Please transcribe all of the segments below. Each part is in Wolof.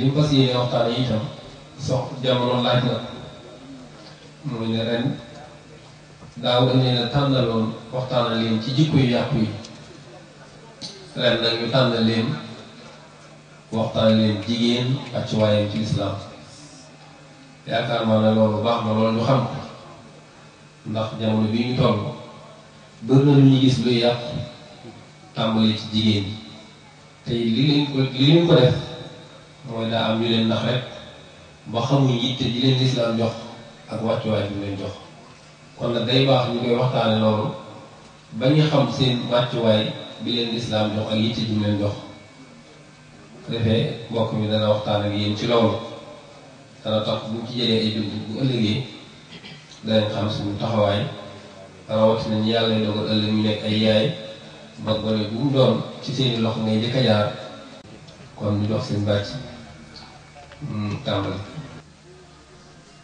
liñ fas yéene waxtaane itam sox jamono laaj na muy ne ren daaw dañ leen ci jikko yu yàqu yi ren nag ñu tànn leen waxtaana jigéen ak ci waayam ci lislaam yaakaar maa ne loolu baax na loolu ñu xam ndax jamono bi ñu toll bëri na lu ñu gis luy yàqu tàmbali ci jigéen ñi te li leen ko li leen ko def mooy daa am ñu leen nax rek ba xamuñ yitte ji leen lislaam jox ak wàccuwaay bi leen jox kon nag day baax ñu koy waxtaane loolu ba ñu xam seen wàccuwaay bi leen lislaam jox ak yitte ji mu leen jox defee mbokk mi dana waxtaan ak yéen ci loolu dana tax bu ci jëlee ay bind bu ëllëgee danañ xam suñu taxawaay rawatina ñu yàlla lay dogal ëllëg ñu nekk ay yaay ba gone bu mu doon ci seeni loxo ngay jëkk jaar kon ñu jox seen bàcc tàmbali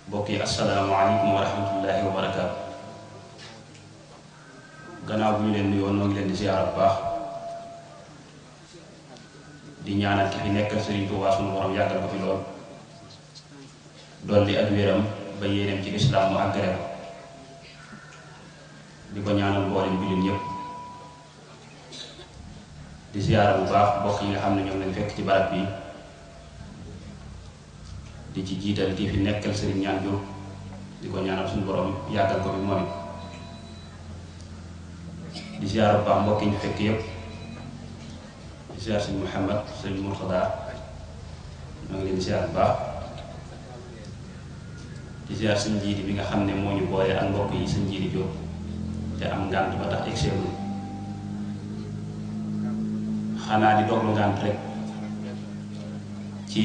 mbokk yi asalaamaaleykum wa wa barakaatu gannaaw bu ñu leen yoon noo ngi leen di ziyaara bu baax di ñaanal ki fi nekk Sëriñ Tuubaa sunu borom yàggal ko fi lool dolli ak wéram ba yéeneem ci lislaam mu àggale ko di ko ñaanal mboolem bi ñun ñëpp di ziyaara bu baax mbokk yi nga xam ne ñoom lañ fekk ci baat bi di ci jiit kii fi nekkal sëriñ ñaan Jóob di ko ñaanal suñu borom yàggal ko fi mooy di siyaar bu baax mbokk yi ñu fekk yëpp di siyaar sëriñ Muhammad sëriñ Murtadaa maa di siyaar baax di siyaar sëriñ jiidi bi nga xam ne moo ñu boole ak mbokk yi sëriñ te am ngànt ba tax egseewul xanaa di doglu ngànt rek ci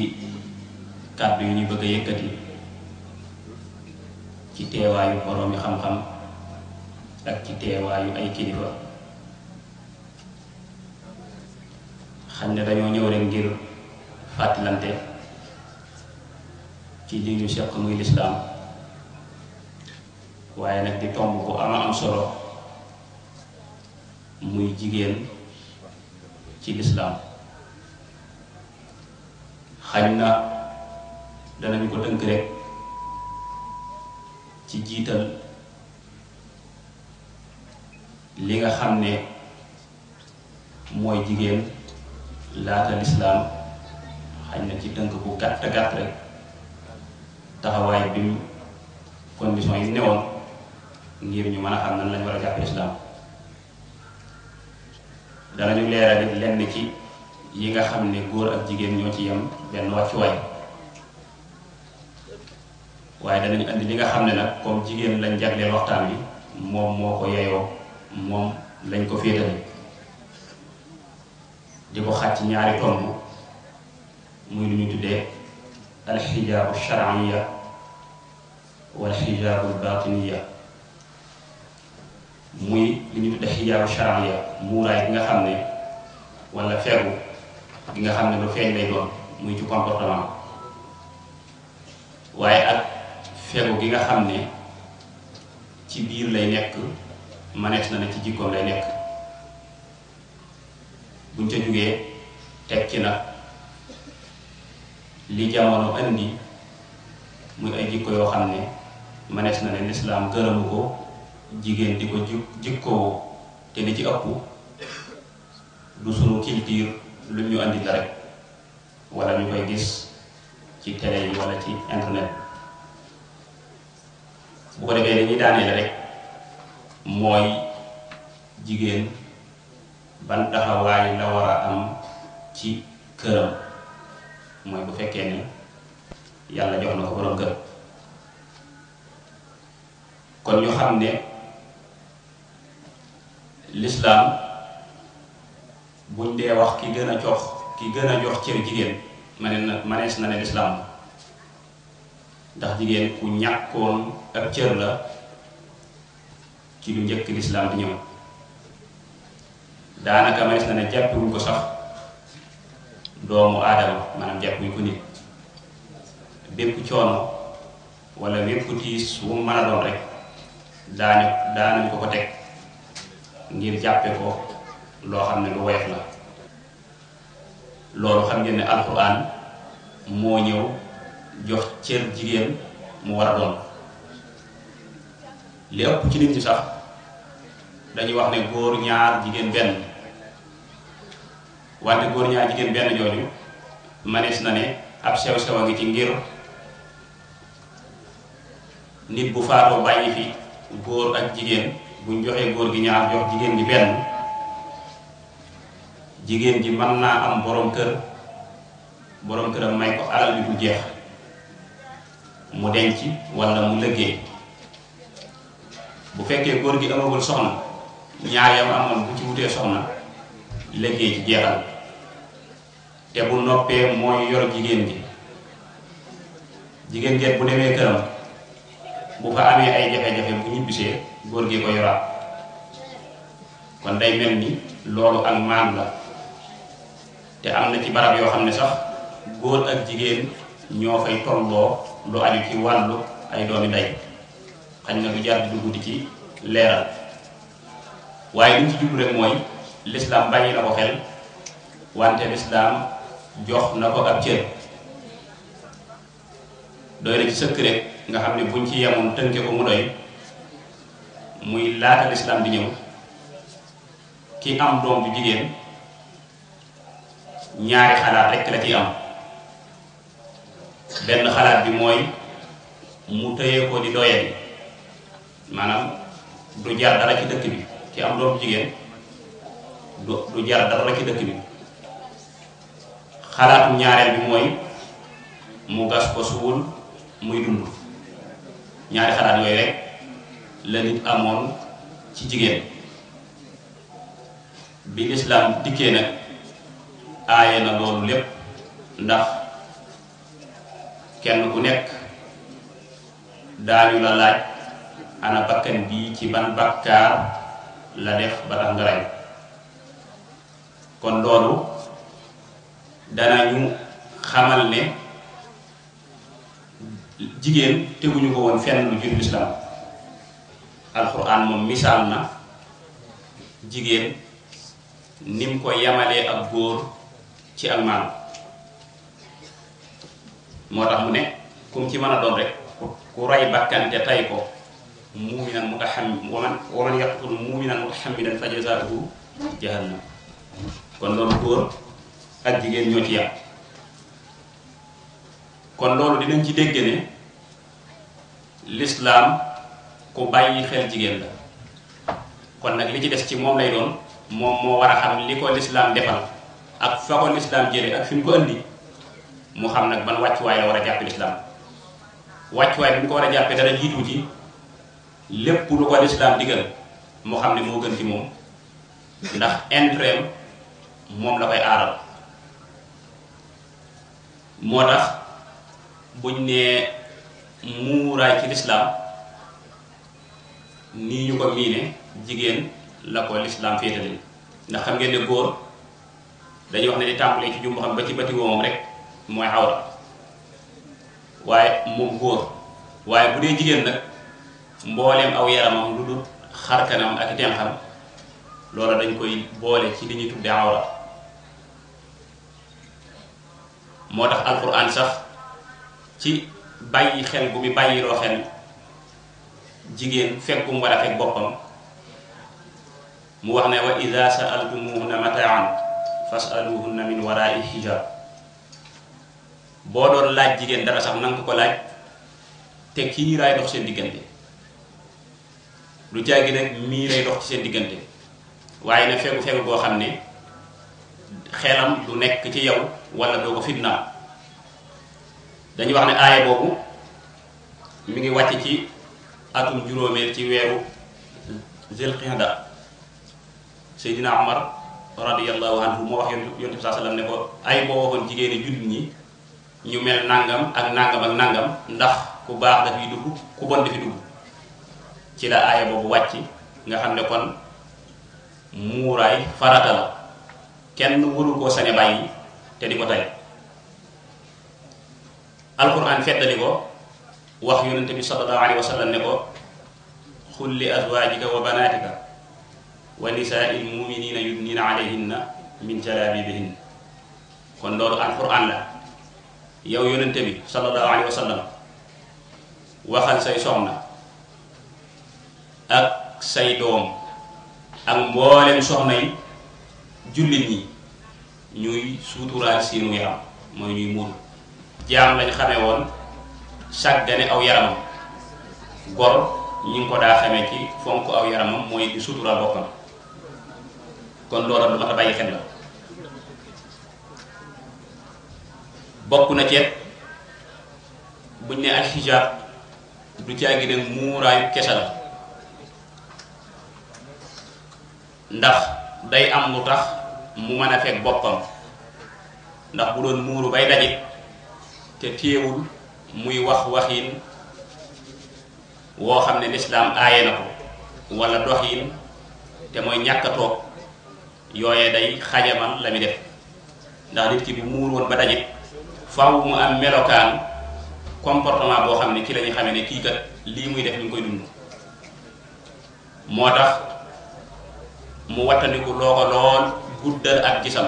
kàddu yu ñu bëgg a yëkkati ci teewaayu boroomi xam-xam ak ci teewaayu ay kilifa xañ ne dañoo ñëw rek ngir fàttalante ci li ñu seq muy lislaam waaye nag di tomb bu ama am solo muy jigéen ci lislaam xañ na danañ ko tënk rek ci jiital li nga xam ne mooy jigéen laata lislaam xañ na ci tënk bu gàtt gàtt rek taxawaay bi mu condition yi newoon ngir ñu mën a xam nan lañ war a jàpp lislaam danañu leeral lenn ci yi nga xam ne góor ak jigéen ñoo ci yem benn wàccuwaay waaye danañ andi li nga xam ne nag comme jigéen lañ jagleel waxtaan bi moom moo ko yeyoo moom lañ ko féetale di ko xàcc ñaari tomb muy lu ñu tuddee alxijaabu sharciya wal xijaabu batiniya muy li ñu tuddee xijaabu sharciya muuraay bi nga xam ne wala fegu gi nga xam ne lu feeñ lay doon muy ci comportement waaye ak fegu gi nga xam ne ci biir lay nekk manees na ne ci jikkoom lay nekk buñ ca jógee teg ci na li jamono andi muy ay jikko yoo xam ne manees na ne lislaam gërëmu ko jigéen di ko jikkoo te li ci ëpp du sunu culture lu ñu andi la rek wala ñu koy gis ci télé yi wala ci internet bu ko defee dañuy daaneel rek mooy jigéen ban taxawaay la war a am ci këram mooy bu fekkee ni yàlla jox na ko borom kër kon ñu xam ne lislaam buñ dee wax ki gën a jox ki gën a jox cër jigéen ma manees na ne lislaam ndax jigéen ku ñàkkoon ak cër la ci lu njëkk lislaam di ñëw daanaka manes na ne jàppuñ ko sax doomu aadama maanaam jàppuñ ko nit bépp coono wala bépp tiis mu mën doon rek daani daanañ ko ko teg ngir jàppe ko loo xam ne lu woyof la loolu xam ngeen ne alxuraan moo ñëw jox cër jigéen mu war a doon li ëpp ci nit ñi sax dañuy wax ne góor ñaar jigéen benn wante góor ñaar jigéen benn jooju manees na ne ab sew sew a ngi ci ngir nit bu faatoo bàyyi fi góor ak jigéen buñ joxee góor gi ñaar jox jigéen gi benn jigéen ji mën naa am borom kër borom këram may ko alal bi du jeex mu denc wala mu lëggee bu fekkee góor gi amagul soxna ñaar yam amoon bu ci wutee soxna lëggee ci jeexal te bu noppee mooy yor jigéen gi jigéen geet bu demee këram bu fa amee ay jafe-jafe bu ñibbisee góor gi ko yoraat kon day mel ni loolu ak maam la te am na ci barab yoo xam ne sax góor ak jigéen ñoo fay tolloo lu aju ci wàllu ay doomi ndey xañ na du jar di ci leeral waaye liñ ci jublu rek mooy lislaam bàyyi na ko xel wante lislaam jox na ko ak cër doy na ci sëkk rek nga xam ne buñ ci yemoon tënke ko mu doy muy laata lislaam di ñëw ki am doom bu jigéen ñaari xalaat rek la ciy am benn xalaat bi mooy mu tëyee ko di doyee maanaam du jar dara ci dëkk bi ci am doom jigéen du du jar dara ci dëkk bi xalaatu ñaareel bi mooy mu gas ko suul muy dund ñaari xalaat yooyu rek la nit amoon ci jigéen bi lislaam dikkee nag aaye na loolu lépp ndax kenn ku nekk daañu la laaj ana bakkan bii ci ban bakkaar la def ba tax nga rey kon loolu danañu xamal ne jigéen teguñu ko woon fenn lu jur lislaam alxuraan moom misaal na jigéen nim ko yamalee ak góor ci ak maanu motax mu ne kum ci mana rek ku ray bakkan te tay ko muminan mutahammidan waman waman yaqtul muminan mutahammidan fa jahannam kon loolu góor ak jigéen ñoo ci yàq kon loolu dinañ ci dégg ne l'islam ku bàyyi xel jigéen la kon nag li ci des ci moom lay doon moom moo war xam li ko l'islam defal ak fa ko l'islam jere, ak fi mu ko andi mu xam nag ban wàccuwaay la war a jàppe lislaam wàccuwaay bi mu ko war a jàppe dara jiitu ci lépp lu ko lislaam digal mu xam ne moo gën ci moom ndax intérêt moom la koy aaral moo tax buñ ne muuraay ci lislaam nii ñu ko miine jigéen la ko lislaam féetale ndax xam ngeen ne góor dañuy wax ne di tàmbalee ci jumbu xam ba ci bati woomam rek mooy awra waaye moom góor waaye bu dee jigéen nag mbooleem aw yaramam lu dul xar kanam ak tenxam loola dañ koy boole ci li ñuy tudde awra moo tax alquran sax ci bàyyi xel bu mu bàyyiloo xel jigéen fekkum wala fek mu wax ne wa ida saaltumuhunna mataan fasaluhunna min warai hijab bodo doon laaj jigéen dara sax nang ko laaj te ki ray dox seen diggante lu jaagi nak mi ray dox ci seen diggante waaye na fegu fegu boo xam ne xelam du nek ci yow wala do ko fitna dañu wax ne aaya bobu mi ngi wacc ci atum juromé ci weeru zilqinda seydina umar radiyallahu anhu mo wax yonte sallallahu alayhi sallam ne ko ay bo waxon jigéeni jullit ñi ñu mel nangam ak nangam ak nangam ndax ku baax dafiy dugg ku bon dafi dugg ci la aaya boobu wàcc nga xam ne kon muuraay farata la kenn waru koo sañ bàyyi te di ko tay alquran feddali ko wax yonente bi sallallahu alayhi wa sallam li azwaajika wa banaatika wa nisaa'il muminina yudnina alayhinna min jalaabibihinna kon loolu alquran la yow yonente bi sallallahu alayhi wa sallam waxal say soxna ak say doom ak mboolem soxna yi jullit ñi ñuy suuturaal seenu yaram mooy ñuy muur jaam lañ xamee woon sàggane aw yaramam gor ñu ngi ko daa xamee ci fonk aw yaramam mooy di suuturaal kon loola lu ma bàyyi xel la bokk na ceeb buñ ne alxijaab du caagi ne muuraayu kese la ndax day am lu tax mu mën a fekk boppam ndax bu doon muuru bay daje te téewul muy wax waxin woo xam ne lislaam aaye na ko wala doxin te mooy ñàkk yooye day xajamal la muy def ndax nit ki bu muur woon ba daje faaw mu am melokaan comportement boo xam ne ki la ñu xamee ne kii kat lii muy def ñu ngi koy dund moo tax mu wattandiku loo ko lool guddal ak gisam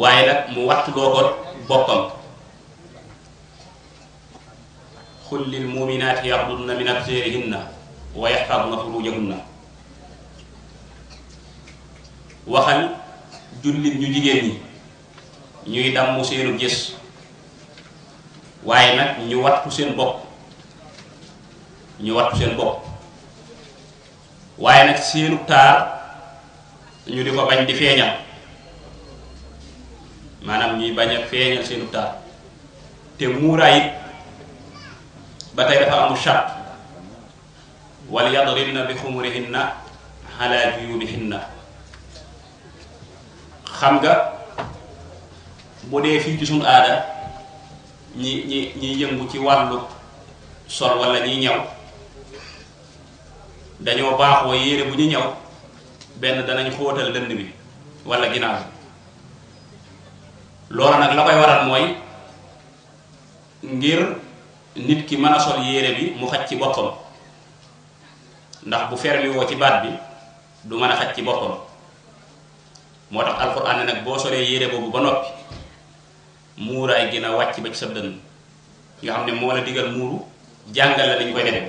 waaye nag mu wattuloo ko boppam xul lil muminaati yaxdudna min abseerihinna wa yaxfadna furujahunna waxal jullit ñu jigéen ñi ñuy damm seenu gis waaye nag ñu wattu seen bopp ñu wattu seen bopp waaye nag seenu taar ñu di ko bañ di feeñal maanaam ñuy bañ a feeñal seenu taar te muuraay it ba tey dafa amul chart wal yadribna bi xumurihinna ala juyubihinna xam nga bu dee fii ci sunu aada ñi ñi ñi yëngu ci wàllu sol wala ñi ñaw dañoo baaxoo yére bu ñu ñaw benn danañ xóotal lënd bi wala ginaaw loolu nag la koy waral mooy ngir nit ki mën a sol yére bi mu xaj ci boppam ndax bu fermi woo ci baat bi du mën a xaj ci boppam moo tax alquran nag boo solee yére boobu ba noppi muuraay gën a wàcc ba ci sa dënn nga xam ne moo la digal muuru jàngal la dañu koy deme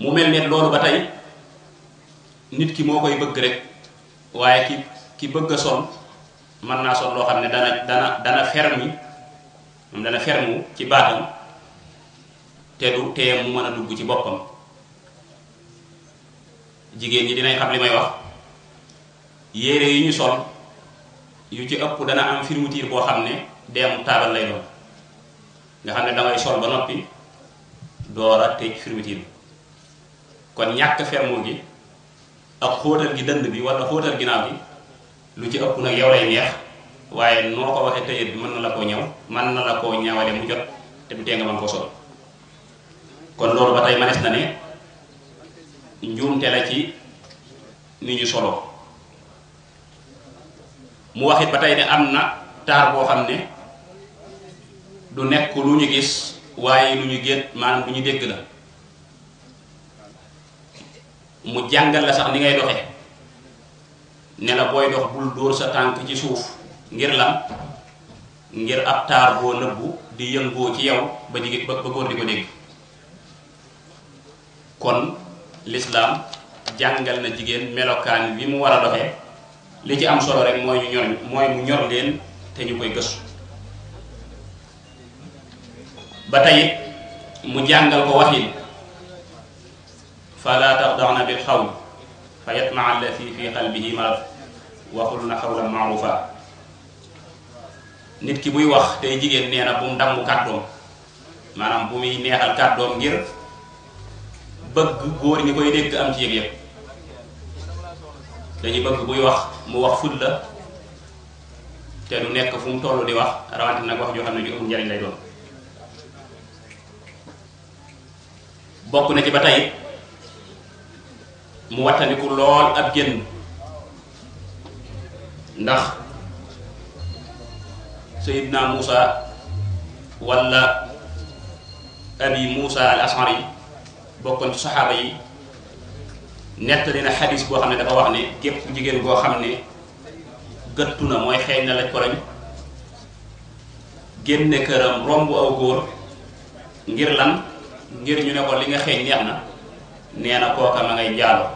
mu mel ne loolu ba tey nit ki moo koy bëgg rek waaye ki ki bëgg a sol mën naa sol loo xam ne dana dana dana fermi moom dana fermu ci baatam te du tee mu mën a dugg ci boppam jigéen ñi dinañ xam li may wax yére yi ñu sol yu ci ëpp dana am fermeture boo xam ne deemu taabal lay doon nga xam ne dangay sol ba noppi door a tëj fermeture bi kon ñàkk fermo gi ak xóotal gi dënd bi wala xóotal ginnaaw bi lu ci ëpp nag yow lay neex waaye noo ko waxee tëjee bi mën na la ko ñaw mën na la koo ñawale mu jot te du tee nga mën ko sol kon loolu ba tey manees na ne njuumte la ci ni ñu solo mu waxit batay amna ne am na taar boo du nek lu ñu gis waye lu ñu gëd manam bu ñu dégg la mu jangal la sax ni ngay doxé ne la boy dox bul door sa tank ci suuf ngir lam ngir ab tar bo neub di yëngo ci yow ba jigit ba ko di ko dégg kon l'islam jangal na jigen melokan bi mu wara doxé li ci am solo rek mooy ñu ñor mooy mu ñor leen te ñu koy gëstu ba tey mu jàngal ko waxin fala taxdaxna bil xawl fa yatmaa allati fi qalbihi waxul na xawlan maarufa nit ki buy wax tey jigéen nee na bu mu damm kàddoom maanaam bu muy neexal kàddoom ngir bëgg góor ñu koy dégg am ci yëg-yëg dañu bëgg buy wax mu wax fut la te du nekk fu mu toll di wax rawante nag wax joo xam ne ju am njariñ lay doon bokk na ci ba tey mu wattandiku lool ab génn ndax Seydina Muusa wala abi Muusa al Ashari bokkoon ci saxaaba yi nettali na xadis boo xam ne dafa wax ne képp jigéen boo xam ne gëttu na mooy xeeñ na la koroñ génne këram romb aw góor ngir lan ngir ñu ne ko li nga xeeñ neex na nee na kooka ma ngay njaalo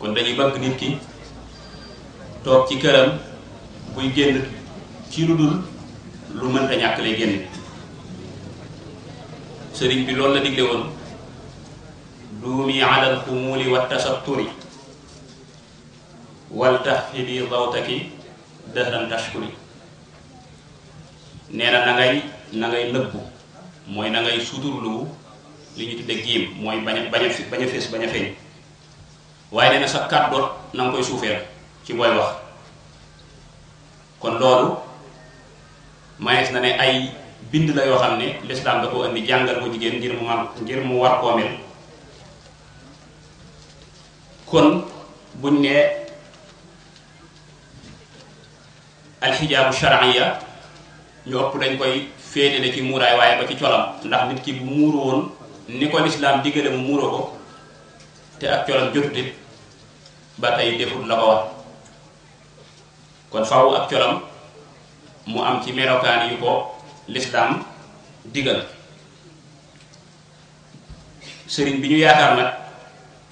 kon dañuy bëgg nit ki toog ci këram buy génn ci lu dul lu mënta ñàkk lay génn sëriñ bi loolu la digle woon دومي على الخمول والتستر ولتهفدي ضوتك دهرا تشكري نينا نغاي نغاي نبو موي نغاي سودورلو li ñu tuddé giim mooy bañ a bañ a bañ a fees bañ a feeñ waaye nee na sa kàddoot na nga koy suufeel ci booy wax kon loolu mayees na ne ay bind la yo xamne l'islam da ko andi jangal ko jigen ngir mu ngir mu war ko mel kon buñ ne alxijaabu shariya ñu ëpp dañ koy féetale ci muuraay waaye ba ci colam ndax nit ki bu muuru woon ni ko lislaam diggale mu muuroo ko te ak colam jotutit ba tey defut la ko wax kon faw ak colam mu am ci melokaan yu ko lislaam digal sëriñ bi ñu yaakaar nag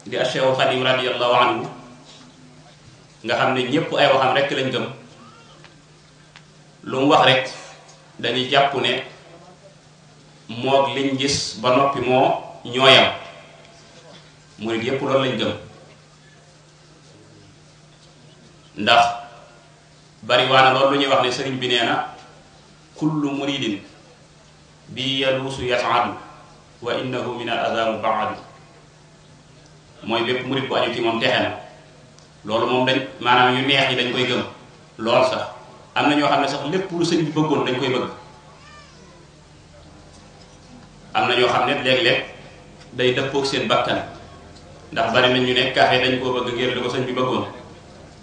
di Cheikh Xadim radiyallahu anhu nga xam ne ñépp ay waxam rek lañ gëm lu mu wax rek dañuy jàpp ne moog liñ gis ba noppi moo ñooyam murid yépp loolu lañ gëm ndax bari waana lu ñuy wax ne sëriñ bi nee na kullu muridin bi yaluusu yasadu wa innahu min al azamu moy bépp murit ko aju ci mom texena lolou mom dañ manam yu neex yi dañ koy gëm lol sax amna ño xamne sax lepp lu sëñ bi bëggoon dañ koy bëgg amna ño xamne leg leg léeg-léeg day dëppoog seen bakkan ndax bari nañ ñu nek café dañ ko bëgg ngir li ko sëñ bi bëggoon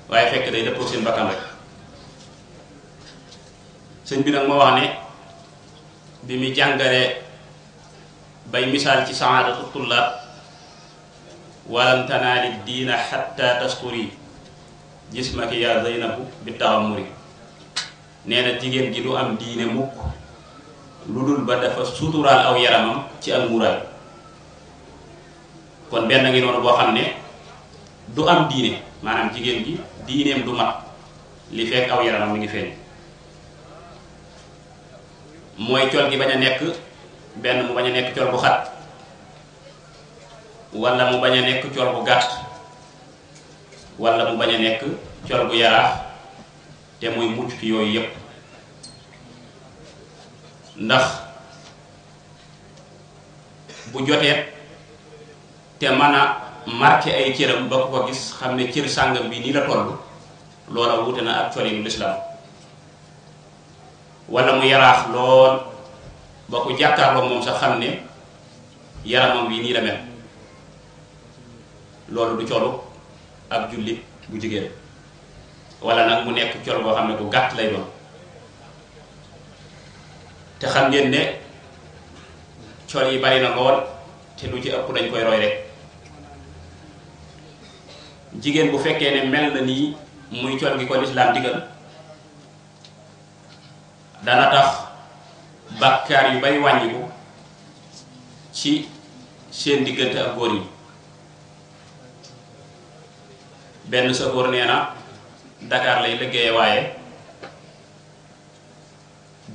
waye fekk day dëppoog seen bakkan rek sëñ bi nak ma wax ne bi mi jàngale bay misal ci saadatu tullaab walam tanali din hatta tashkuri jismak ya zainab bi tamuri neena jigen gi am dine mukk ludul ba dafa sutural aw yaramam ci al mural kon ben ngi non bo xamne du am dine manam jigen gi dinem du mat li fek aw yaramam ngi fen gi baña nek ben mu baña nek tol bu wala mu bañ a nekk col bu gàtt wala mu bañ a nekk col bu yaraax te muy mucc ci yooyu yépp ndax bu jotee te mën a marqué ay cëram ba ku ko gis xam ne cër sàngam bi nii la toll loola wute na ak colinu lislaam wala mu yaraax lool ba ku jàkkaarloo moom sax xam ne yaramam bi nii la mel loolu du colu ab julli bu jigéen wala nag mu nekk col boo xam ne bu gàtt lay doon te xam ngeen ne col yi bari na lool te lu ci ëpp dañ koy roy rek jigéen bu fekkee ne mel na nii muy col gi ko lislaam digal dana tax bàkkaar yu bay wàññiku ci seen diggante ak góor yi benn safoor nee na Dakar lay liggéeye waaye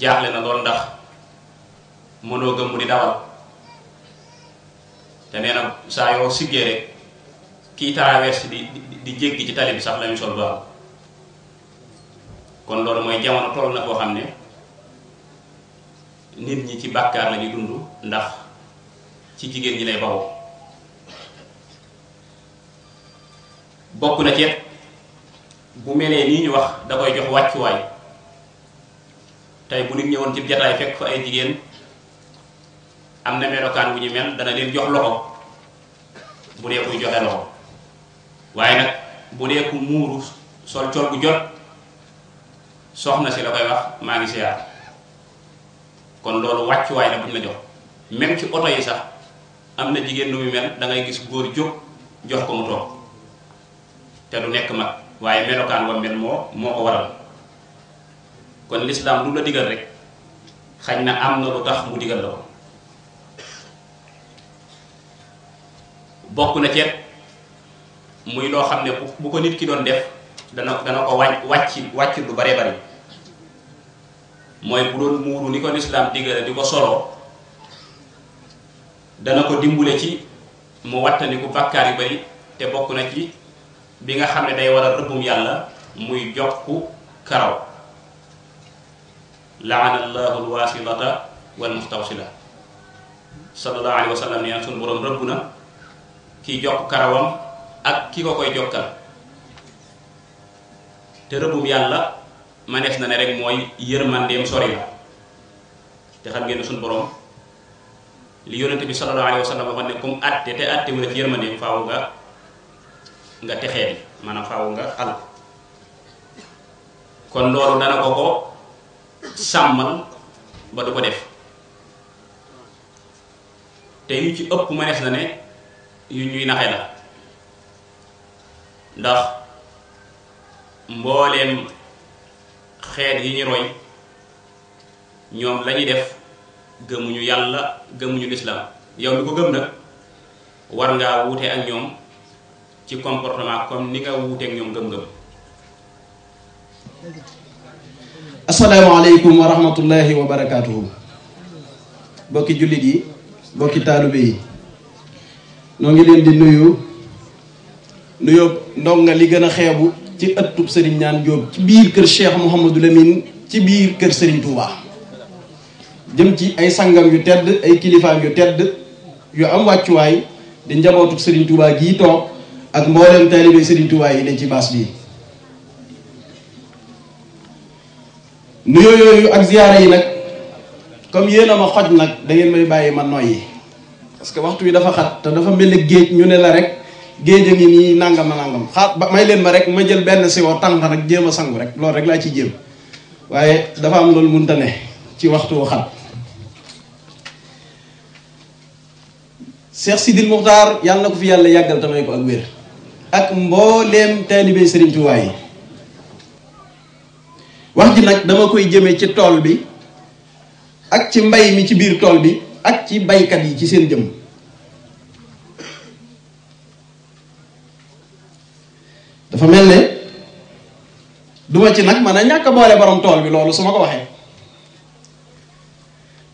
jaaxle na lool ndax mënoo gëm mu di dawal te nee na saa yoo siggee rek kii traverse di di jéggi ci tali bi sax lañu sol baaw kon loolu mooy jamono toll na boo xam ne nit ñi ci bàkkaar la dund ndax ci jigéen ñi lay baw bokk na ceeb bu melee nii ñu wax da koy jox wàccuwaay tey bu nit ñëwoon ci jataay fekk fa ay jigéen am na melokaan bu ñu mel dana leen jox loxo bu dee kuy joxe loxo waaye nag bu dee ku muuru sol col gu jot soxna si la koy wax maa ngi siyaar kon loolu wàccuwaay la bu ñu la jox même ci oto yi sax am na jigéen nu mu mel da gis góor jóg jox ko mu toog te du nekk mag waaye melokaan wa mel moo moo ko waral kon lislaam lu la digal rek xañ na am na lu tax mu digal la ko bokk na ceeb muy loo xam ne bu ko nit ki doon def dana dana ko wàcc wàcc lu bare bari mooy bu doon muuru ni ko lislaam digale di ko soloo dana ko dimbule ci mu wattani ku bàkkaar yu bari te bokk na ci bi nga xam ne day war a rëbbum yàlla muy jokku karaw laana allahu alwasilata walmustawsila sallallahu alayhi wa sallam nee na sunu boroom rëbb na kiy jokk karawam ak ki ko koy jokkal te rëbbum yàlla manees na ne rek mooy yërmandeem sori la te xam ngeen sunu boroom li yonente bi sallallahu alayhi wa sallam waxoon ne comme atte te atte mu yërmandeem faaw nga nga texee maanaam xaw nga al kon loolu dana ko ko sàmmal ba du ko def te yu ci ëpp mënees na ne yu ñuy naxe la ndax mbooleem xeet yi ñu roy ñoom lañuy def gëmuñu yàlla gëmuñu lislaam yow lu ko gëm nag war ngaa wuute ak ñoom ci comportement comme ni nga ak ñom gëm-gëm alaykum wa rahmatullahi wa barakatuh bokki julit yi bokki talibé yi no ngi leen di nuyu nuyoo ndonga li gëna xébu ci ëttub sëriñ ñaan job ci biir kër Cheikh mohammedou Lamine ci biir kër sëriñ Touba dem ci ay sangam yu tedd ay kilifa yu tedd yu am way di njabootu serigne Touba gi tok ak mboolem taalibe Serigne Touba yi ne ci baas bii nuyoo yooyu ak ziyaara yi nag comme yéen a ma xoj nag da ngeen may bàyyi ma noyyi parce que waxtu wi dafa xat te dafa mel géej ñu ne la rek géej a ngi nii nangam nangam xaar ba may leen ma rek ma jël benn siwo woo tànk nag jéem a sangu rek loolu rek laa ci jéem waaye dafa am loolu mënta ne ci waxtu wu xat Cheikh Sidil Muxtaar yàlla na ko fi yàlla yàggal tamay ko ak wér ak mbooleem taalibe Sëriñ Tuubaa yi wax ji nag dama koy jëme ci tool bi ak ci mbay mi ci biir tool bi ak ci baykat yi ci seen jëm dafa mel ne duma ci nag mën a ñàkk boole boroom tool bi loolu su ma ko waxee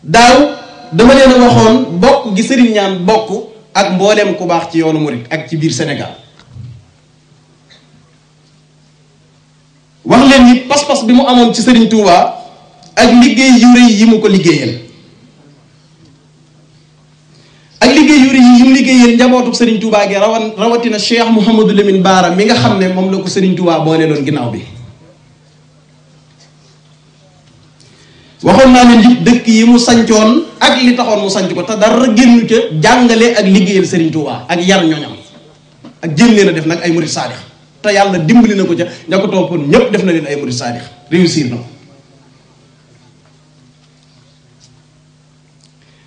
daal dama leen waxoon bokk gi sëriñ bokk ak mbooleem ku baax ci yoonu murit ak ci biir senegal wax leen ni pas-pas bi mu amoon ci Serigne Touba ak liggéey yu rëy yi mu ko liggéeyal ak liggéey yu rëy yi mu liggéeyal njabootu Serigne Touba gi rawan rawatina Cheikh Mouhamadou Lamine Baara mi nga xam ne moom la ko Serigne Touba boole doon ginnaaw bi. waxoon naa leen li dëkk yi mu sancoon ak li taxoon mu sanc ko te dara génnu ca jàngale ak liggéeyal Serigne Touba ak yar ñoñam ak jéem leen a def nag ay murid saalix te yàlla dimbali na ko ca ña ko toppoon ñépp def na leen ay murid saadix réussir na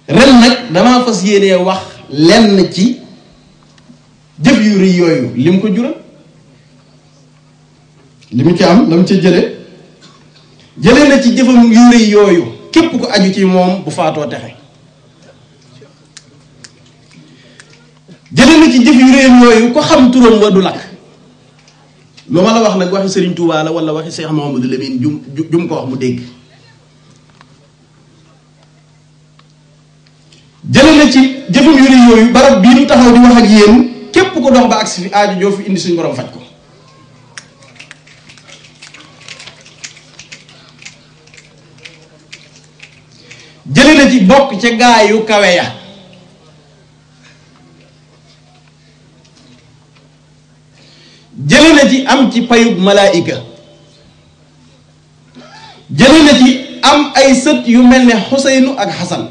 ren nag damaa fas yéenee wax lenn ci jëf yu rëy yooyu lim ko jural li mu ci am la ci jële jële na ci jëfam yu rëy yooyu képp ko aju ci moom bu faatoo texe jële na ci jëf yu rëy yooyu ko xam turam wa du lakk lu ma la wax nag waxi Serigne Touba la wala waxi Cheikh Mahamadou Lamine jum jum ko wax mu dégg jële na ci jëfum yu ne yooyu barab bii ñu taxaw di wax ak yéen képp ko dox ba agsi fi aaju joo indi suñu borom faj ko jële na ci bokk ca gaayu kawe ya jële na ci am ci payub malaayika jële na ci am ay sët yu mel ni xuseynu ak xasan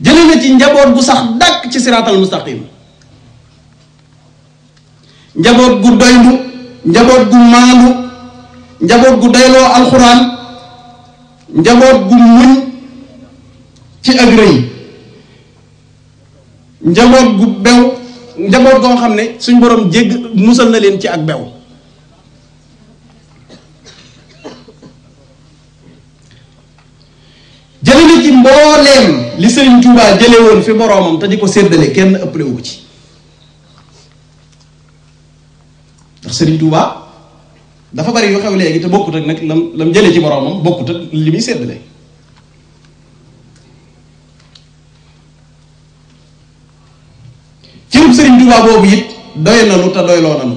jële na ci njaboot gu sax dàkk ci siraatal mustaqim njaboot gu doylu njaboot gu maandu njaboot gu doyloo alxuraan njaboot gu muñ ci ak rëy njaboot gu bew njaboot goo xam ne suñ borom jégg musal na leen ci ak bew jële na ci mbooleem li Sëriñ Tuubaa jële woon fi boroomam te di ko séddale kenn ëppale wu ci ndax Sëriñ Tuubaa dafa bari yu xew léegi te bokkut ak nag lam lam jële ci boroomam bokkut ak li muy seddale Tuubaa boobu it doy na nu te doy loo na nu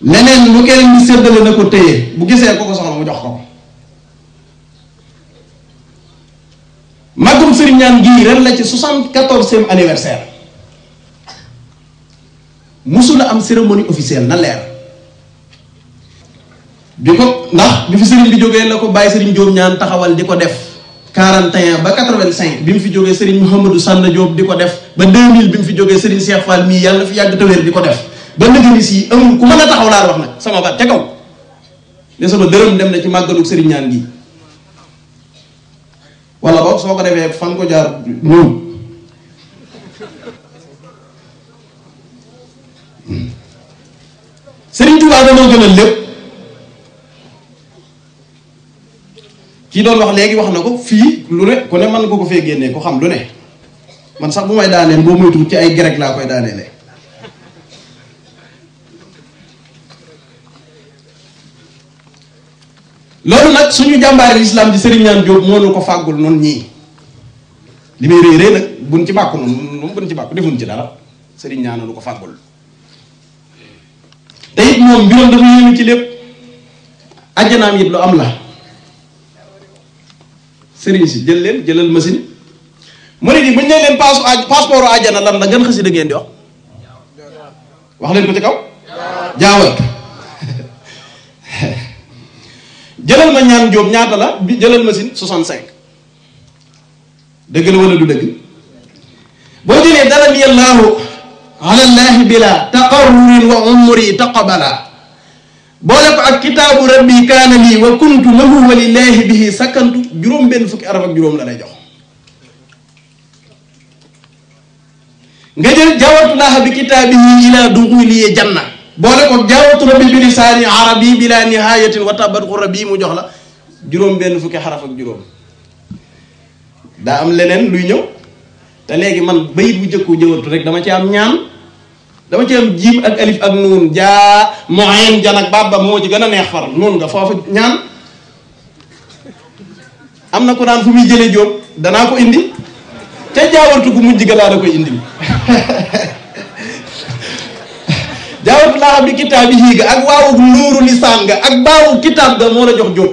leneen lu keneen ñu séddale na ko téye bu gisee ko ko soxla mu jox ko magum sëriñ ñaan gii ren la ci soixante-quatorzième anniversaire musula am cérémonie officielle na leer bi ko ndax bi fi sëriñ bi jógee la ko bàyyi sëriñ Jóob ñaan taxawal di ko def 41 ba 85 bi mu fi jógee Serigne Mouhamadou Sanna Diop di ko def ba 2000 bi mu fi jógee Serigne Cheikh Fall mii yàlla fi yàgg tawéer di ko def ba nëgëni si amul ku mën a taxaw laa wax na sama baat ca kaw ne dem na ci màggalug Serigne ñaan soo ko defee fan ko jaar ñëw Serigne Touba danoo gën a lépp kii doon wax léegi wax na ko fii lu ne ku ne mën ko ko fee génnee ko xam lu ne man sax bu may daaneel boo moytuwul ci ay grec laa koy daaneele loolu nag suñu jàmbaari lislaam di Serigne Niane ñu ko fàggul noonu ñii li muy réy réy ci bàkku noonu moom ci bàkku defuñ ci dara Serigne Niane ko fàggul te it moom mbiram dafa yéeme ci lépp ajjanaam it lu am la serigne ci jël len jëlal machine mo ni buñ ne len passe passeport na lan la ngeen xasi da ngeen di wax wax len ko ci kaw jaawal jëlal ma ñaan job ñaata la jëlal machine 65 deug la wala du deug bo jëlé dara bi allah ala allah bila taqarrur wa umri taqabala boole ko ak kitaabu rabbi kaana lii wa kuntu lahu wa lillaahi bihi sakkantu juróom benn fukki araf ak juróom la lay jox nga jël jaawatu laaha bi kitaabihi ila jan na boole ko jaawatu rabbi bi lisaani arabi bila nihayatin wa tabatku rabbi mu jox la juróom benn fukki xaraf ak juróom daa am leneen luy ñëw te léegi man bayit bu jëkku jëwatu rek dama ci am ñaan dama ci am jiim ak alif ak nuun jaa moyen jan ak baba moo ci gën a neex faral noonu nga foofu ñaan am na ko daan fu muy jëlee jóob danaa ko indi te jaawartu gu mujj ga laa xam ni kitaab yi ga ak waawu nuuru lisaan ga ak baawu kitaab ga moo la jox jóob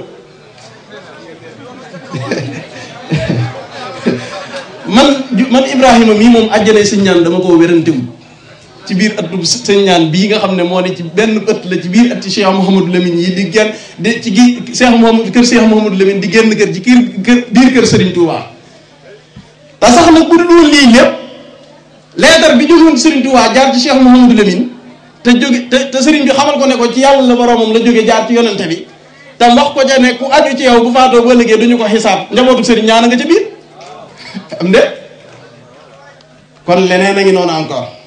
man man Ibrahima mii moom àjjana si ñaan dama koo wérantiwu ci biir ëttub sëñ ñaan bii nga xam ne moo ne ci benn ëtt la ci biir ëtt Cheikh Mouhamadou Lamine yi di génn di ci gi Cheikh Mouhamadou kër Cheikh Mouhamadou Lamine di génn kër ci kër kër biir kër Serigne Touba. te sax nag bu dul lii lépp leetar bi jógoon Serigne Touba jaar ci Cheikh Mouhamadou Lamine te jóge te te Serigne bi ko ne ko ci yàlla la boroomam la jóge jaar ci yonente bi te wax ko ca ne ku aju ci yow bu faatoo ba liggéey duñu ko xisaab njabootu Serigne ñaan nga ca biir am de kon leneen a ngi noonu encore.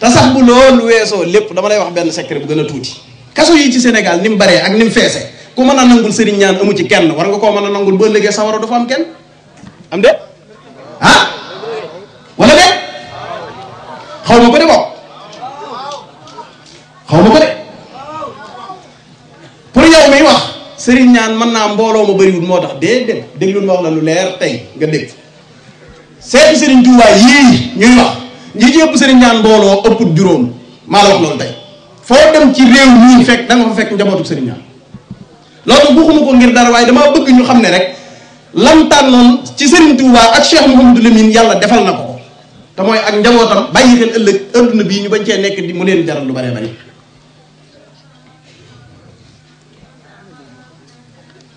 te sax bu loolu weesoo lépp dama lay wax benn secret bu gën a tuuti kaso yi ci Sénégal ni mu baree ak ni mu feese ku mën a nangul sëriñ ñaan amu ci kenn war nga koo mën a nangul ba ëllëgee sawara du fa am kenn am de ah wala de xaw ma ko de bokk xaw ma ko de pour yow miy wax sëriñ ñaan mën naa mbooloo ma bëriwul moo tax dee dem déglul ma la lu leer tey nga dégg seetu sëriñ Tuubaa yii ñuy wax ñi ci ëpp sëriñ ñaan mbooloo ëpp juróom maa la wax loolu tey foo dem ci réew mii fekk da nga fa fekk njabootu sëriñ ñaan loolu buuxuma ko ngir dara waaye damaa bëgg ñu xam ne rek lam tànnoon ci sëriñ Touba ak Cheikh Mouhamadou Lamine yàlla defal na ko ko te mooy ak njabootam bàyyi xel ëllëg adduna bii ñu bañ cee nekk di mu leen jaral lu baree bari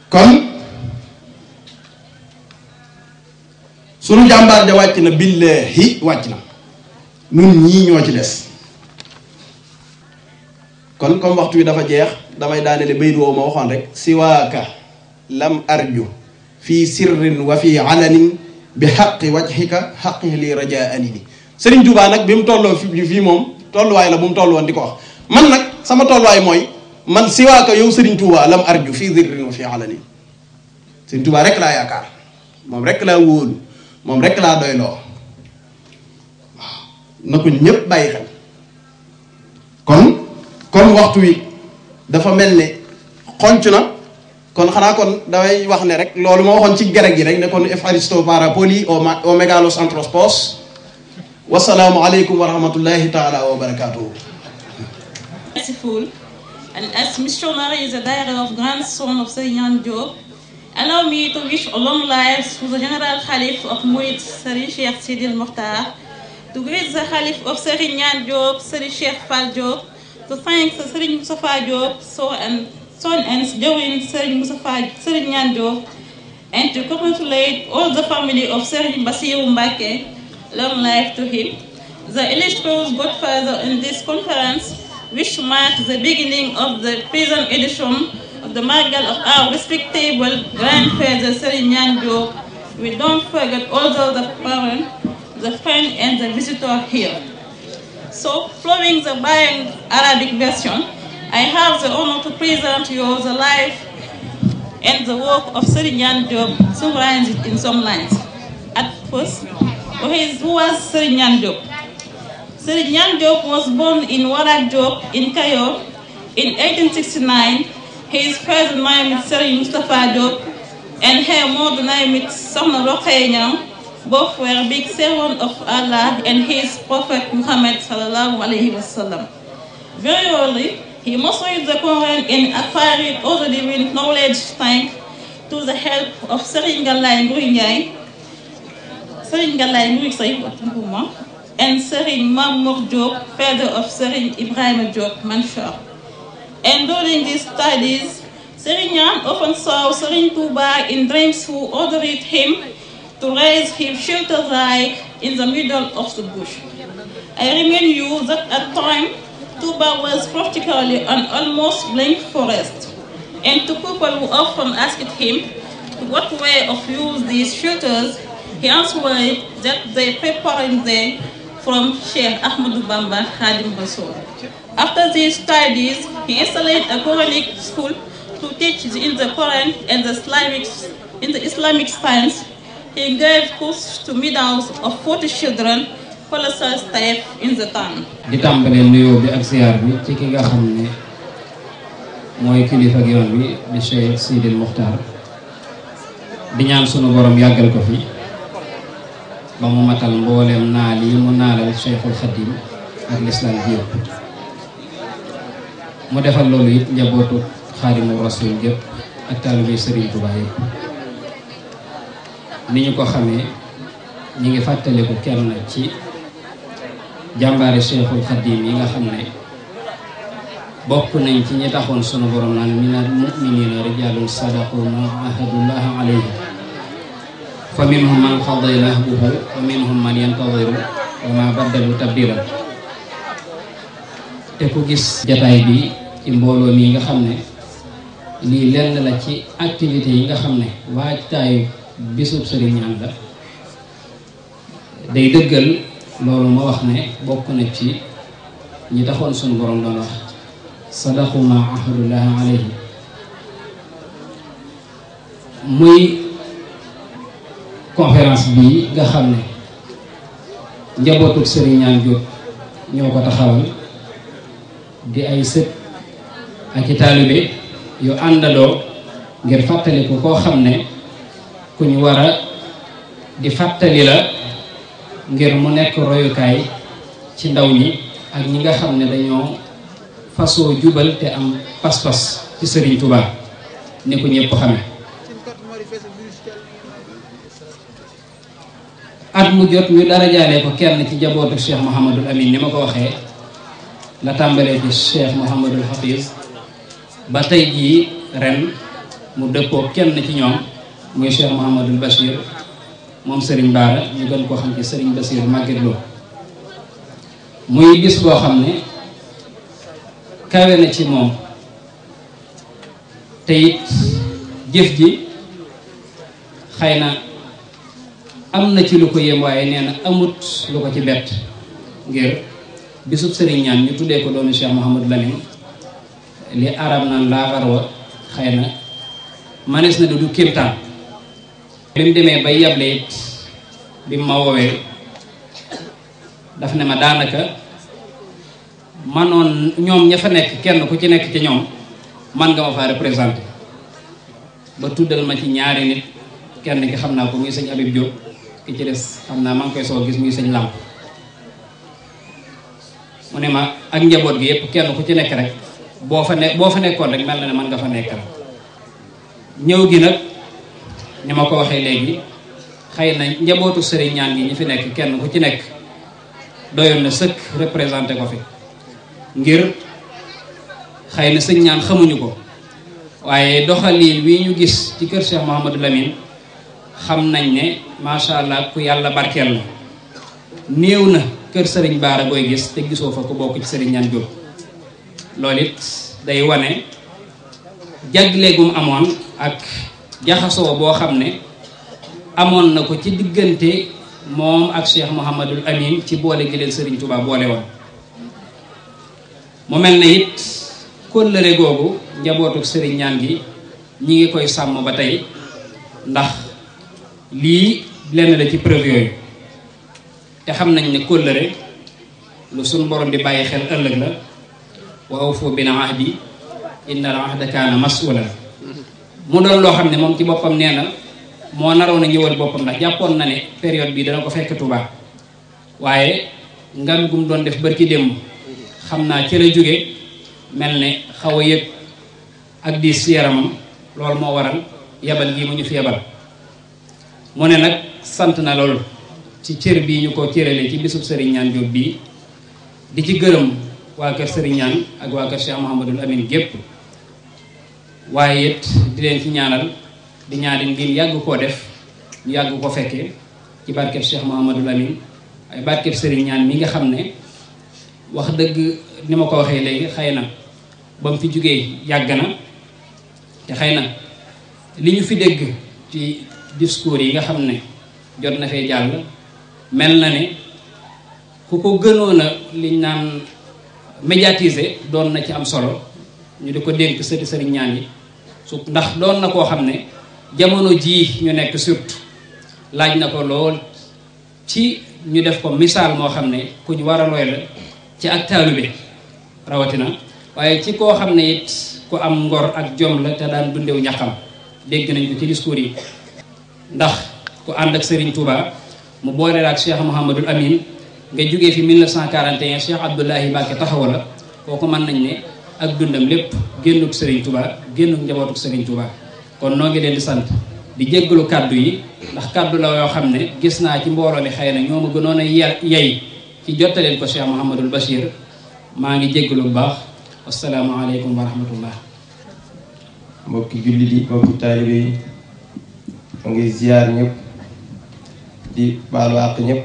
kon sunu jàmbaar ja wàcc na billaahi wàcc na nun ñii ñoo ci des kon comme waxtu wi dafa jeex damay daanele bayt woowu ma waxoon rek siwaaka lam arju fi sirrin wa fi alanin bi xaqi wajhika xaqi li rajaani ni Sëriñ Tuubaa nag bi mu tolloo fi fii moom tolluwaay la bu mu tolloon di ko wax man nag sama tolluwaay mooy man siwaaka yow Sëriñ Tuubaa lam arju fi sirrin wa fi alanin Sëriñ Tuubaa rek laa yaakaar moom rek laa wóolu moom rek laa doyloo na ko ñëpp bàyyi xel kon kon waxtu wi dafa mel ne xonc na kon xanaa kon damay wax ne rek loolu ma waxoon ci gereg gi rek ne kon efharisto para poli o megalos anthrospos wasalaamu aleykum wa rahmatullahi wa barakatuhu As Mr. Murray is a daughter to greet the Caliph of Serigne Niane Diop, Serigne Cheikh Fall to thank Serigne Moustapha Diop, so and son and join Seri Moustapha Serigne Niane and to congratulate all the family of Seri Bassirou Long life to him. The illustrious godfather in this conference, which marks the beginning of the present edition of the Magal of our respectable grandfather Serigne We don't forget all the parents the friend and the visitor here. So, following the Bayang Arabic version, I have the honor to present you the life and the work of Serinyan Job, Summarized in some lines. At first, who was Serinyan Job? Serinyan Job was born in Warak Job in Cairo in 1869. His first name is Serin Mustafa Job, and her mother name is Samna Rokhayanyang. Both were big servants of Allah and his Prophet Muhammad sallallahu alayhi wasallam. Very early, he must read the Quran and acquired the divine knowledge thanks to the help of Seringalai Nguyen Seringalai Nguyen and Sering Mamour Diop, father of Sering Ibrahim Diop Manshar. And during these studies, Seringan often saw Sering Tuba in dreams who ordered him to raise his shelter like in the middle of the bush. I remind you that at time, Tuba was practically an almost blank forest, and to people who often asked him what way of use these shelters, he answered that they preparing them from Sheikh Ahmad Bamba Hadim Basur. After these studies, he installed a Quranic school to teach in the Quran and the Islamic, in the Islamic science He gave gifts di tàmbale nuyoo bi ak siyaar bi ci ki nga xam ne mooy kilifa ak yoon bi di Cheikh Sidil Muxtaar di ñaan sunu borom yàggal ko fi ba mu matal mboolem naal yi mu naalal Cheikhul Xadim ak lislaam bi yëpp mu defal loolu it njabootu Xaadimu Rasuul yëpp ak taalibe Sëriñ Tuubaa yëpp ni ñu ko xamee ñu ngi fàttaliku kenn ci jàmbaari Cheikhul Khadim yi nga xam ne bokk nañ ci ñi taxoon sunu borom naan minal mu'minina rijalun sadaqu ma ahadullaha alayhi fa minhum man qada nahbahu wa minhum te ku gis jataay bi ci mbooloo mi nga xam ne lii lenn la ci activité yi nga xam ne waajtaayu bisub sëriñam la day dëggal loolu ma wax ne bokk na ci ñi taxoon sunu borom doon wax sadaqu ma ahadullah alayhi muy conférence bii nga xam ne njabootuk sëriñam jóg ñoo ko taxawal di ay sët ak i taalibe yu àndaloo ngir fàttaliku koo xam ne ku ñu war a di fàttali la ngir mu nekk royukaay ci ndaw ñi ak ñi nga xam ne dañoo fasoo jubal te am pas-pas ci Sëriñ Tuba ni ko ñëpp xame at mu jot ñu darajaale ko kenn ci jabootu Cheikh Mouhamadul Amin ni ma ko waxee la tàmbalee ci Cheikh Mouhamadul Hafiz ba tey jii ren mu dëppoo kenn ci ñoom muy Cheikh Mouhamadul Bachir moom sëriñ Bara ñu gën koo xam ci Serigne Bachir Maguette Lo muy gis boo xam ne kawe na ci moom te jëf ji xëy na am na ci lu ko yëm waaye nee na amut lu ko ci bett ngir bisub sëriñ ñaan ñu tuddee ko doomu Cheikh Mouhamadou Lamine li arab naan laa xarwa xëy na manees na du du kéemtaan bi mu demee ba yable it bi mu ma woowee daf ne ma daanaka manoon ñoom ña fa nekk kenn ku ci nekk ci ñoom man nga ma faa représenté ba tuddal ma ci ñaari nit kenn ki xam naa ko muy sëñ Habib Diop ki ci des xam naa maa ngi koy soo gis muy sañ Lamp mu ne ma ak njaboot gi yëpp kenn ku ci nekk rek boo fa ne boo fa nekkoon rek mel na ne man nga fa nekk ñëw gi nag ni ma ko waxee léegi xëy na njabootu sëriñ ñaan gi ñi fi nekk kenn ku ci nekk doyal na sëkk représenté ko fi ngir xëy na sëñ ñaan xamuñu ko waaye doxalin wi ñu gis ci kër Cheikh Mouhamadou Lamine xam nañ ne macha allah ku yàlla barkeel la néew na kër sëriñ Baara booy gis te gisoo fa ku bokk ci sëriñ ñaan jóg loolu it day wane jagleegum amoon ak jaxasoo boo xam ne amoon na ko ci diggante moom ak Cheikh Mouhamadul Amin ci boole gi leen Serigne Touba boole woon mu mel na it kóllëre googu njabootuk Serigne ñaan gi ñi ngi koy sàmm ba tey ndax lii lenn la ci preuve yooyu te xam nañ ne kóllëre lu suñ borom di bàyyi xel ëllëg la wa awfu bil ahdi inna al ahda kaana mas'uula mu doon loo xam ne moom ci boppam nee na moo naroon a ñëwal boppam ndax jàppoon na ne période bi dana ko fekk tuba waaye ngam gum doon def barki démb xam naa ci la jóge mel ne xaw a yëg ak di si yaramam loolu moo waral yabal gii mu ñu fi yabal mu ne nag sant na loolu ci cër bii ñu ko cërale ci bisub Serigne Niane Diop bii di ci gërëm waa kër Serigne Niane ak waa kër Cheikh Mouhamadul Amine gépp waaye it di leen ci ñaanal di ñaanal ngir yàgg koo def ñu yàgg ko fekkee ci barkeb Cheikh Mouhamadou Lamine ay barkeb sëriñ ñaan mi nga xam ne wax dëgg ni ma ko waxee léegi xay na ba mu fi jógee yàgg na te xëy na li ñu fi dégg ci discours yi nga xam ne jot na fee jàll mel na ne ku ko gënoon liñ naan médiatiser doon na ci am solo ñu di ko dénk sëti sëriñ ñaan yi su ndax doon na koo xam ne jamono jii ñu nekk surtout laaj na ko lool ci ñu def ko misaal moo xam ne ku ñu war a looy la ci ak taalube rawatina waaye ci koo xam ne it ku am ngor ak jom la te daan dundew ñaxam dégg nañ ko ci discours yi ndax ku ànd ak Serigne Touba mu boole la ak Cheikh Mouhamadul Amin nga jógee fi 1941 Cheikh Abdoulahi Mbacke taxaw la kooku mën nañ ne ak dundam lépp génn Serigne tubaa génn njabootuk Serigne tubaa kon noo ngi leen di sant di jéggalu kàddu yi ndax kàddu la yoo xam ne gis naa ci mbooloo mi xëy na ñoo ma gënoon a yey ci jottaleen ko Cheikh Mouhamadul Bachir maa ngi jéggalu bu baax asalaamaaleykum wa rahmatullah mbokki jullit yi mbokki taalibe yi ma ngi ziar ñëpp di baalu àq ñëpp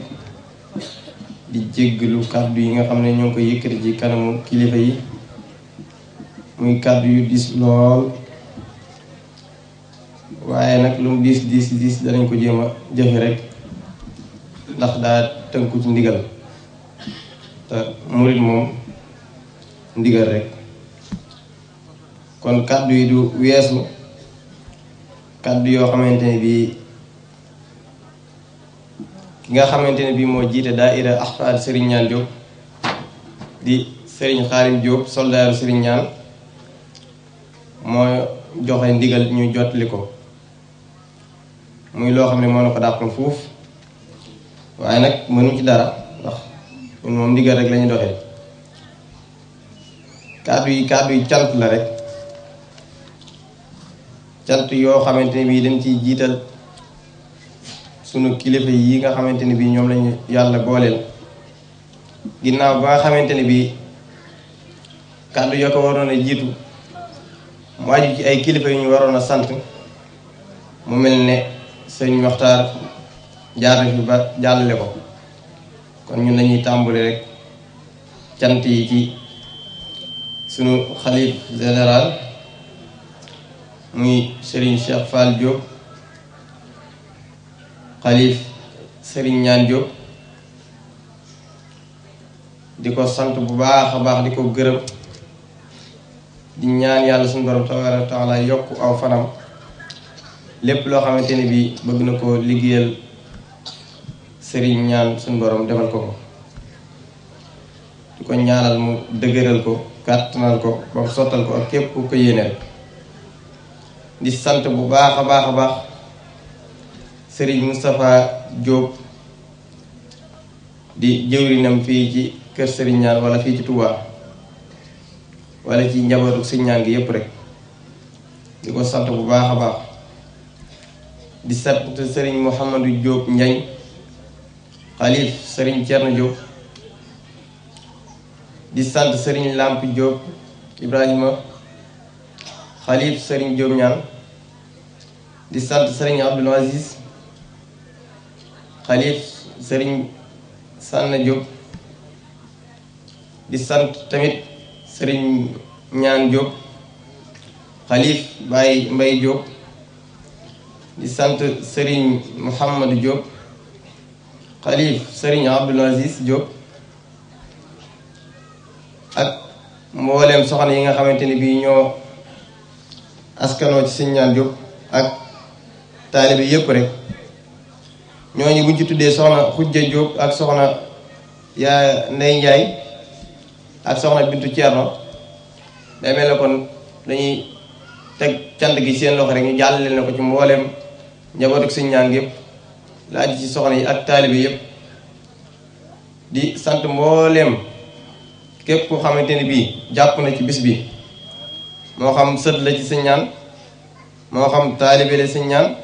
di jéggalu kàddu yi nga xam ne ñoo ngi ko yëkkati ci kanamu kilifa yi muy kaddu yu dis lool waaye nag lu mu dis dis diis danañ ko jéem a jëfe rek ndax daa tënku ci ndigal te murit moom ndigal rek kon kaddu yi du weesu kaddu yoo xamante ne bii ki nga xamante ne bii moo jiite daaira Ahfad Serigne Niane Diop di Serigne Xaarim Diop soldaaru Serigne Niane moo joxe ndigal ñu jotli ko muy loo xam ne moo na ko dàqal fuuf waaye nag mënuñ ci dara ndax ñun moom ndigal rek lañu doxee kàddu yi kàddu yi calt la rek cant yoo xamante ne bii dañ ciy jiital sunu kilifa yi nga xamante ne bii ñoom lañu yàlla booleel ginnaaw ba nga xamante ne bii kàddu yoo ko waroon a jiitu mu aju ci ay kilifa yu ñu waroon a sant mu mel ne sëñ Moxtaar jaar fi ba jàllale ko kon ñun dañuy tàmbali rek cant yi ci sunu xalif général muy Serigne Cheikh Fall Diop xalif Serigne Ñaan Diop di ko sant bu baax a baax di ko gërëm di ñaan yàlla suñu borom tabaaraka yokk aw fanam lépp loo xamante ni bii bëgg na ko liggéeyal sëriñ ñaan suñ boroom defal ko ko di ko ñaanal mu dëgëral ko kàttanal ko ba mu sottal ko ak képp ku ko yéeneel di sant bu baax a baax a baax sëriñ Moustapha jóob di jëwlinam fii ci kër sëriñ ñaan wala fii ci Touba. wala ci njabootu sëñ ñaan gi yëpp rek di ko sant bu baax a baax di sant sëriñ Mouhamadou jóob Njañ xalif sëriñ Cerno Diop di sant sëriñ Lamp Diop Ibrahima xalif sëriñ Diop ñaan di sant sëriñ Abdul Aziz xalif sëriñ Sànna Diop di sant tamit sëriñ ñaan Diop xalif Baye Mbaye Diop di sant sëriñ Mouhamadou Diop xalif sëriñ Abdoul Aziz Diop ak mbooleem soxna yi nga xamante ni bii ñoo askanoo ci sëriñ ñaan Diop ak taalibe yépp rek ñooñu buñ ci tuddee soxna Xujja Diop ak soxna yaa Ndey Njaay ak soxna bintu cierno da melé kon dañuy tek cant gi seen loxo rek ñu jàllale na ko ci mbooleem njaboot ak suñu ñaan yëpp laaj ci soxna yi ak taalibe yëpp di sante mbooleem képp ku xamante bi japp na ci bis bi mo xam seut la ci suñu ñaan mo xam taalibe la suñu ñaan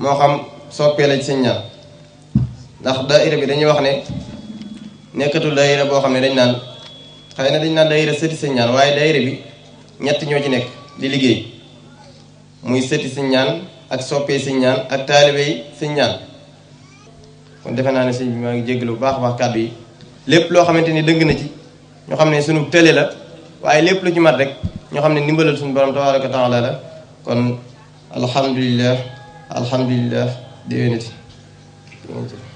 mo xam soppé la ci suñu ñaan ndax daayira bi dañuy wax ne nekkatul daayira bo xam dañ nan xëy na dañ naan daayira sëti sëñ ñaan waaye daayira bi ñett ñoo ci nekk di liggéey muy sëti sëñ ñaan ak soppee sëñ ñaan ak taalibey sëñ ñaan kon defe naa ne sëñ bi maa ngi jéggalu bu baax a baax kàddu yi lépp loo xamante ni dëgg na ci ñoo xam ne sunu tële la waaye lépp la ci mat rek ñoo xam ne ndimbalal suñu borom tabaraka taala la kon alhamdulilah alhamdulilah déwénati